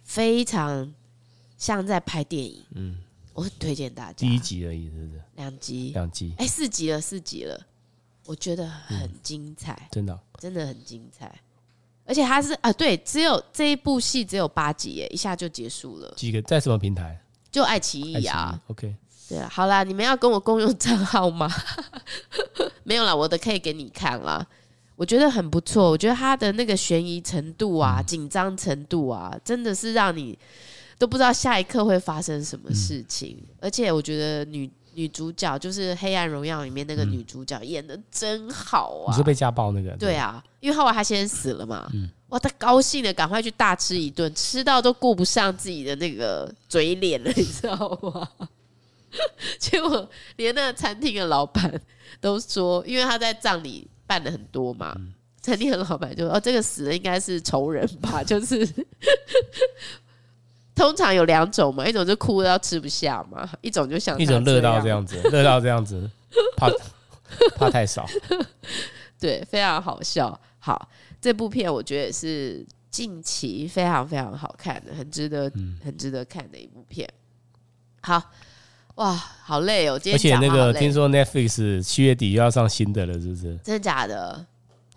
非常像在拍電影。嗯，我很推薦大家。第一集而已，是不是？兩集，兩集。哎、欸，四集了，四集了，我覺得很精彩，嗯、真的、啊，真的很精彩。而且它是啊，對，只有這一部戲只有八集耶，一下就結束了。幾個在什麼平台？就愛奇藝啊。OK，對啊，好啦，你們要跟我共用賬號嗎？ (laughs) 沒有啦，我的可以給你看啦。我覺得很不錯，我覺得他的那個懸疑程度啊，緊、嗯、張程度啊，真的是讓你都不知道下一刻會發生什麼事情。嗯、而且我覺得女女主角就是《黑暗榮耀》裡面那個女主角演得真好啊！嗯、你是被家暴那個人？對啊，對，因為後來她先死了嘛，嗯、哇，她高興的趕快去大吃一頓，吃到都顧不上自己的那個嘴臉了，你知道嗎？結 (laughs) 果 (laughs) 連那個餐廳的老闆都說，因為她在葬禮。辦的很多嘛，曾經很好辦。老闆就說哦，這個死了應該是仇人吧？嗯、就是 (laughs) 通常有兩種嘛，一種就哭到吃不下嘛，一種就像一種樂到這樣子，樂 (laughs) 到這樣子，怕怕太少， (laughs) 對，非常好笑。好，這部片我覺得也是近期非常非常好看的，很值得、嗯、很值得看的一部片。好。哇，好累哦、喔！今天，而且那個聽說 Netflix 七月底又要上新的了，是不是？真的假的？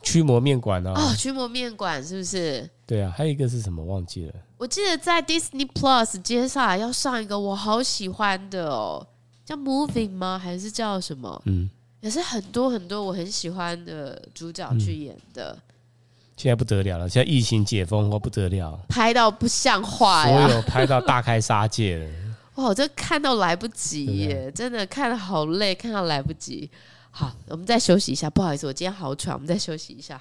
驅魔麵館呢、喔？哦，驅魔麵館是不是？對啊，還有一個是什麼忘記了？我記得在 Disney Plus 接下來要上一個我好喜歡的哦、喔，叫 Moving 嗎？還是叫什麼？嗯，也是很多很多我很喜歡的主角去演的、嗯。現在不得了了，現在疫情解封後不得了，拍到不像話呀！所有拍到大開殺戒了。 (laughs) 哇！這看到來不及耶，真的看的好累，看到來不及。好，我們再休息一下。不好意思，我今天好喘，我們再休息一下。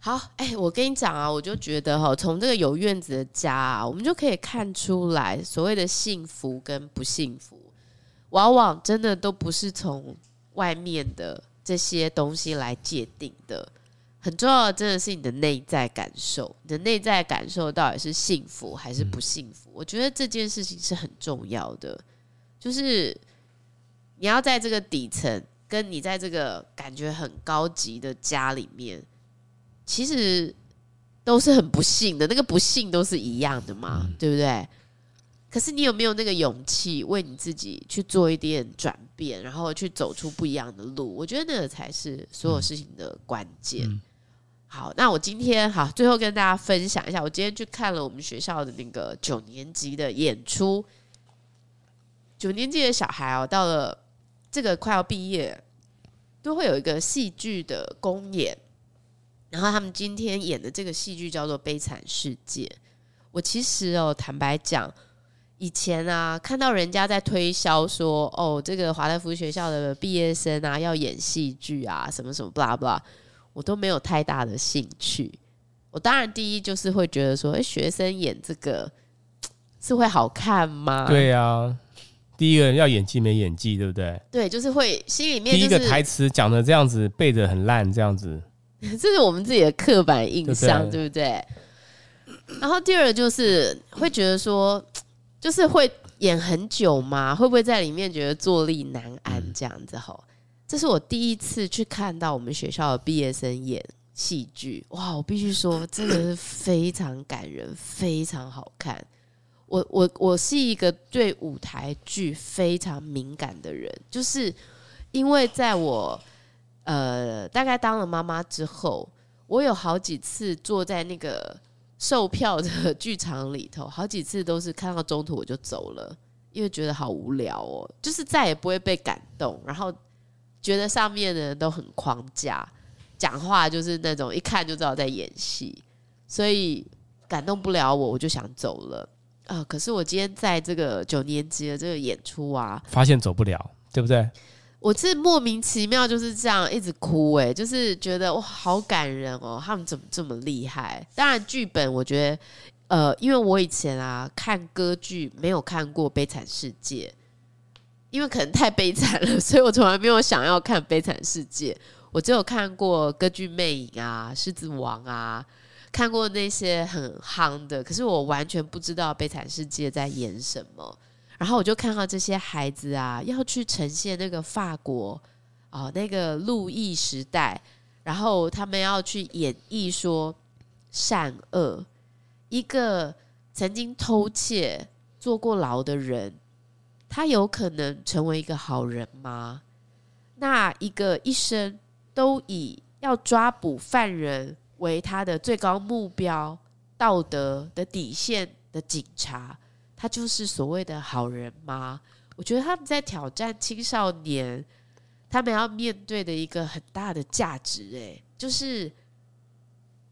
好，哎，我跟你講啊，我就覺得哈，從這個有院子的家啊，我們就可以看出來所謂的幸福跟不幸福。往往真的都不是從外面的這些東西來界定的，很重要的真的是你的內在感受，你的內在感受到底是幸福還是不幸福？我覺得這件事情是很重要的，就是你要在這個底層，跟你在這個感覺很高級的家裡面，其實都是很不幸的，那個不幸都是一樣的嘛，對不對？可是你有沒有那個勇氣，為你自己去做一點轉變，然後去走出不一樣的路？我覺得那個才是所有事情的關鍵。嗯。好，那我今天好最後跟大家分享一下，我今天去看了我們學校的那個九年級的演出。九年級的小孩哦，到了這個快要畢業，都會有一個戲劇的公演，然後他們今天演的這個戲劇叫做《悲慘世界》。我其實哦，坦白講。以前啊，看到人家在推銷說哦，這個華大夫華德福學校的畢業生啊，要演戲劇啊，什麼什麼，blah blah，我都沒有太大的興趣。我當然第一就是會覺得說，哎、欸，學生演這個是會好看嗎？對啊，第一個要演技沒演技，對不對？對，就是會心裡面、就是、第一個台詞講的這樣子，背着很爛，這樣子， (laughs) 這是我們自己的刻板印象，對，對不對？然後第二個就是會覺得說。就是會演很久嗎？會不會在裡面覺得坐立難安這樣子？吼，這是我第一次去看到我們學校的畢業生演戲劇。哇，我必須說，真的是非常感人，非常好看。我我我是一個對舞台劇非常敏感的人，就是因為在我呃大概當了媽媽之後，我有好幾次坐在那個。售票的劇場裡頭，好幾次都是看到中途我就走了，因為覺得好無聊哦，就是再也不會被感動，然後覺得上面的人都很框架，講話就是那種一看就知道在演戲，所以感動不了我，我就想走了啊，可是我今天在這個九年級的這個演出啊，發現走不了，對不對？我是莫名其妙，就是這樣一直哭哎、欸，就是覺得哇，好感人哦、喔，他們怎麼這麼厲害？當然，劇本我覺得，呃，因為我以前啊看歌劇沒有看過《悲慘世界》，因為可能太悲慘了，所以我從來沒有想要看《悲慘世界》。我只有看過《歌劇魅影》啊，《獅子王》啊，看過那些很夯的，可是我完全不知道《悲慘世界》在演什麼。然後我就看到這些孩子啊，要去呈現那個法國啊，哦，那個路易時代，然後他們要去演繹說善惡，一個曾經偷竊坐過牢的人，他有可能成為一個好人嗎？那一個一生都以要抓捕犯人為他的最高目標、道德的底線的警察，他就是所謂的好人嗎？我覺得他們在挑戰青少年，他們要面對的一個很大的價值，欸，哎，就是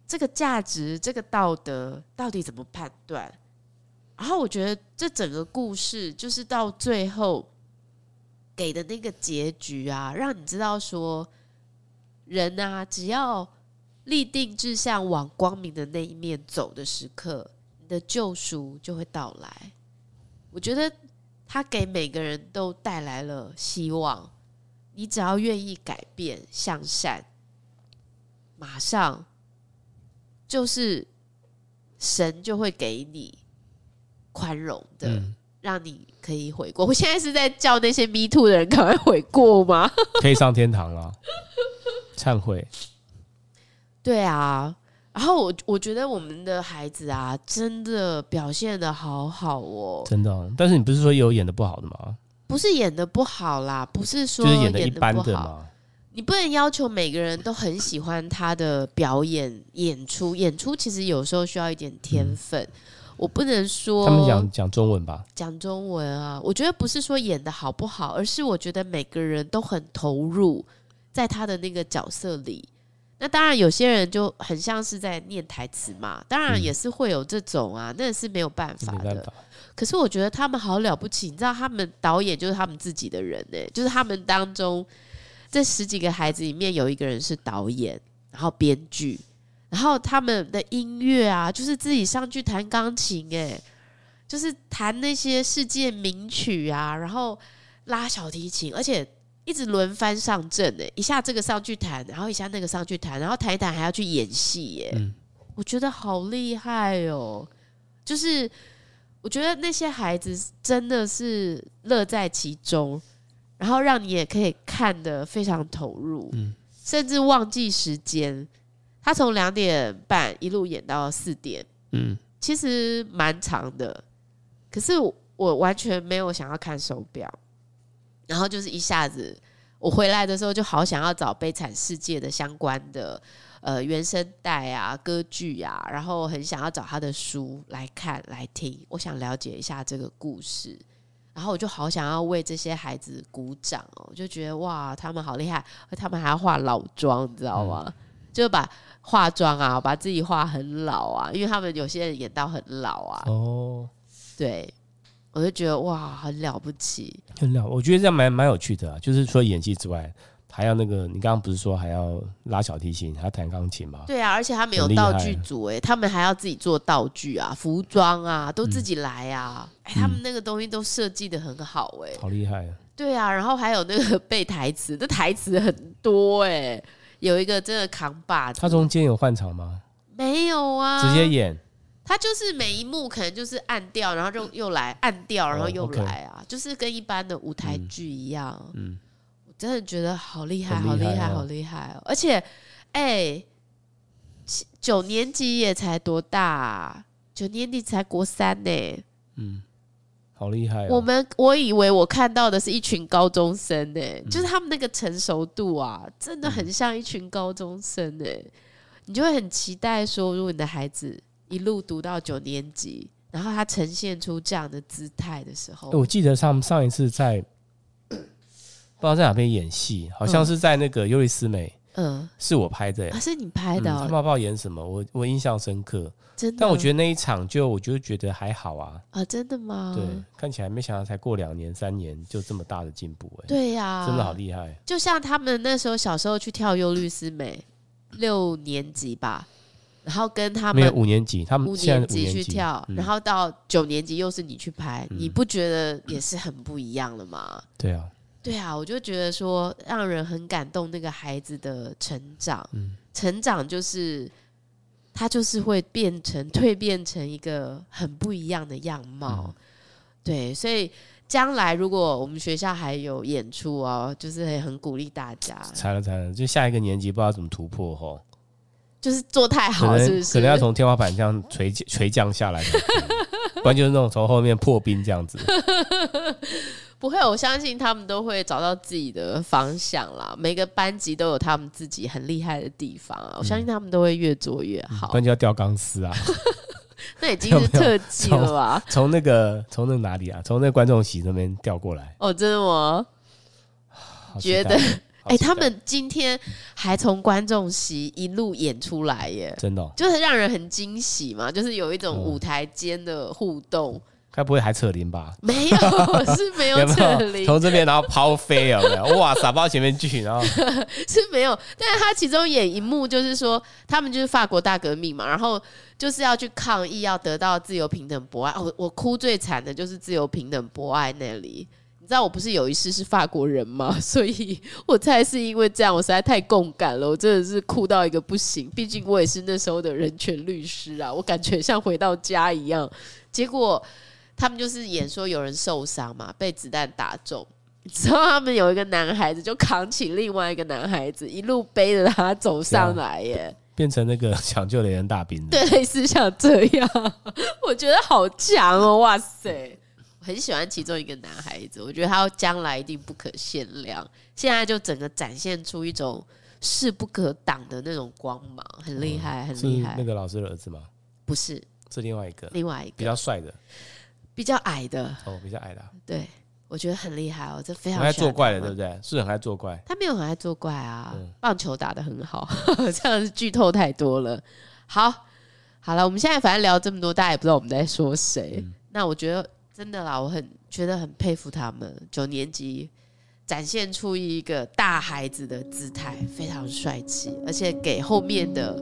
這個價值，這個道德到底怎麼判斷？然後我覺得這整個故事就是到最後給的那個結局啊，讓你知道說，人啊，只要立定志向往光明的那一面走的時刻的救贖就會到來，我覺得他給每個人都帶來了希望。你只要願意改變、向善，馬上就是神就會給你寬容的，讓你可以悔過。我現在是在叫那些迷途的人趕快悔過嗎？可以上天堂了，懺悔。對啊。然後我我覺得我們的孩子啊，真的表現得好好哦，真的、哦。但是你不是說有演得不好的嗎？不是演得不好啦，不是說演得一般的不好、就是演得一般的嗎。你不能要求每個人都很喜歡他的表演、演出、演出。其實有時候需要一點天分。嗯、我不能說他們講講中文吧？講中文啊，我覺得不是說演得好不好，而是我覺得每個人都很投入在他的那個角色裡。那當然，有些人就很像是在念台詞嘛，當然也是會有這種啊，那是沒有辦法的辦法。可是我覺得他們好了不起，你知道，他們導演就是他們自己的人誒、欸，就是他們當中這十幾個孩子裡面有一個人是導演，然後編劇，然後他們的音樂啊，就是自己上去彈鋼琴、欸，誒，就是彈那些世界名曲啊，然後拉小提琴，而且。一直輪番上陣、欸、一下這個上去彈，然後一下那個上去彈，然後彈一彈還要去演戲耶、欸嗯，我覺得好厲害哦、喔！就是我覺得那些孩子真的是樂在其中，然後讓你也可以看得非常投入，嗯、甚至忘記時間。他從兩點半一路演到四點、嗯，其實蠻長的，可是我完全沒有想要看手表。然後就是一下子，我回來的時候就好想要找《悲慘世界》的相關的呃原聲帶啊、歌劇啊，然後很想要找他的書來看、來聽，我想了解一下這個故事。然後我就好想要為這些孩子鼓掌哦，我就覺得哇，他們好厲害，他們還要化老妝，你知道嗎？嗯。就把化妝啊，把自己化很老啊，因為他們有些人演到很老啊。哦，對。我就覺得哇，很了不起，很了。我覺得這樣蠻蠻有趣的啊，就是除了演技之外，還要那個，你剛剛不是說還要拉小提琴，還要彈鋼琴嗎？對啊，而且他們有道具組、欸，誒，他們還要自己做道具啊，服裝啊，都自己來啊，哎、嗯欸，他們那個東西都設計得很好、欸，哎、嗯，好厲害啊！對啊，然後還有那個背台詞，這台詞很多、欸，哎，有一個真的扛把子。他中間有換場嗎？沒有啊，直接演。他就是每一幕可能就是暗掉，然後就又來暗、嗯、掉，然後又來啊、嗯，就是跟一般的舞台劇一樣嗯。嗯，我真的覺得好厲害，好厲害、啊，好厲害，好厲害、哦！而且，哎、欸，九年級也才多大、啊？九年級才國三呢、欸。嗯，好厲害、啊！我們我以為我看到的是一群高中生呢、欸嗯，就是他們那個成熟度啊，真的很像一群高中生呢、欸嗯。你就會很期待說，如果你的孩子。一路讀到九年級，然後他呈現出這樣的姿態的時候，哦、我記得上上一次在不知道在哪邊演戲，嗯、好像是在那個優律思美，嗯，是我拍的、啊，是你拍的、啊嗯，他不知道演什麼，我我印象深刻，真的，但我覺得那一場就我就覺得還好啊，啊，真的嗎？對，看起來沒想到才過兩年三年就這麼大的進步，哎，對呀、啊，真的好厲害，就像他們那時候小時候去跳優律思美， (coughs) 六年級吧。然後跟他們沒有，五年級，他們五年級去跳、嗯，然後到九年級又是你去拍、嗯，你不覺得也是很不一樣了嗎？對啊，對啊，我就覺得說讓人很感動那個孩子的成長，嗯、成長就是他就是會變成蛻變成一個很不一樣的樣貌、嗯，對，所以將來如果我們學校還有演出哦、啊，就是很鼓勵大家。才能才能就下一個年級不知道怎麼突破哈、哦。就是做太好，是不是？可能要從天花板這樣垂垂降下來的，不然 (laughs) 就是那種從後面破冰這樣子。 (laughs) 不會，我相信他們都會找到自己的方向啦。每個班級都有他們自己很厲害的地方，我相信他們都會越做越好。嗯嗯、關鍵要吊鋼絲啊！ (laughs) 那已經是特技了吧？從那個從那個哪裡啊？從那個觀眾席那邊吊過來？哦，真的嗎？覺得。哎、欸，他們今天還從觀眾席一路演出來耶，真的，喔，就是讓人很驚喜嘛，就是有一種舞台間的互動。該、嗯、不會還扯鈴吧？沒有，我是沒有扯鈴。從 (laughs) 這邊然後拋飛有，沒有？ (laughs) 哇，撒包前面去，然後 (laughs) 是沒有。但是他其中演一幕就是說，他們就是法國大革命嘛，然後就是要去抗議，要得到自由、平等、博愛。我、哦、我哭最慘的就是自由、平等、博愛那裡。你知道我不是有一世是法國人嗎？所以我猜是因為這樣，我實在太共感了，我真的是哭到一個不行。畢竟我也是那時候的人權律師啊，我感覺像回到家一樣。結果他們就是演說有人受傷嘛，被子彈打中之後，你知道他們有一個男孩子就扛起另外一個男孩子，一路背着他走上來耶，yeah, 變成那個搶救雷恩大兵的。對，是像這樣，我覺得好強哦、喔！哇塞。很喜歡其中一個男孩子，我覺得他將來一定不可限量。現在就整個展現出一種勢不可擋的那種光芒，很厲害，嗯、很厲害。是那個老師的兒子嗎？不是，是另外一個，另外一個比較帥的，比較矮的哦，比較矮的、啊。對，我覺得很厲害哦、喔，這非常喜歡他。愛作怪的，對不對？是很愛作怪。他沒有很愛作怪啊、嗯，棒球打得很好。 (laughs) 這樣劇透太多了。好，好了，我們現在反正聊這麼多，大家也不知道我們在說誰、嗯。那我覺得。真的啦，我很覺得很佩服他們。九年級展現出一個大孩子的姿態，非常帥氣，而且給後面的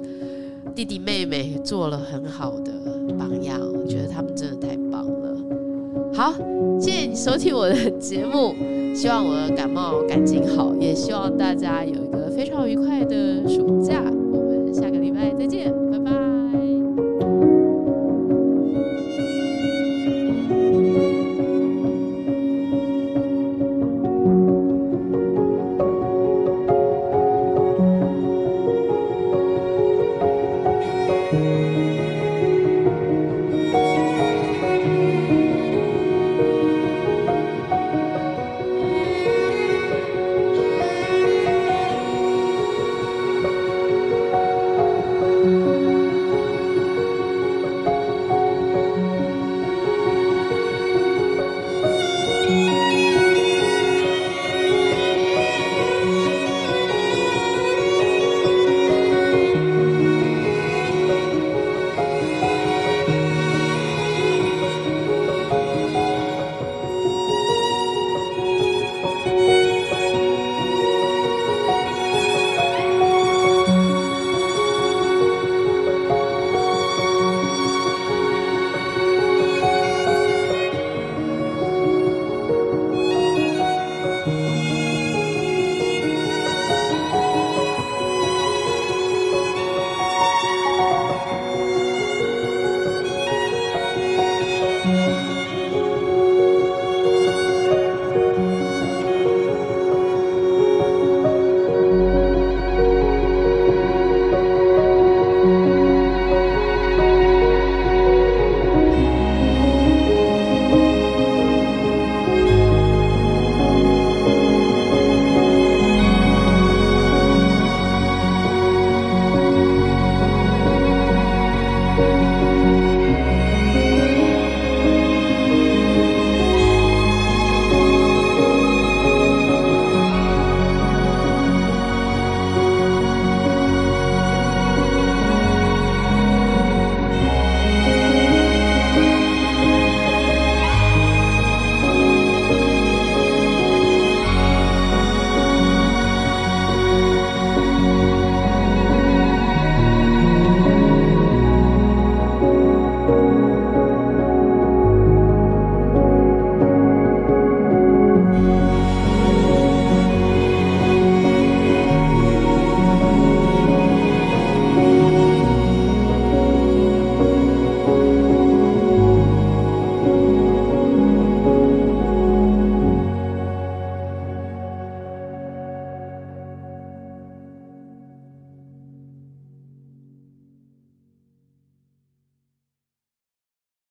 弟弟妹妹做了很好的榜樣。我覺得他們真的太棒了。好，謝謝你收聽我的節目，希望我的感冒趕緊好，也希望大家有一個非常愉快的暑假。我們下個禮拜再見。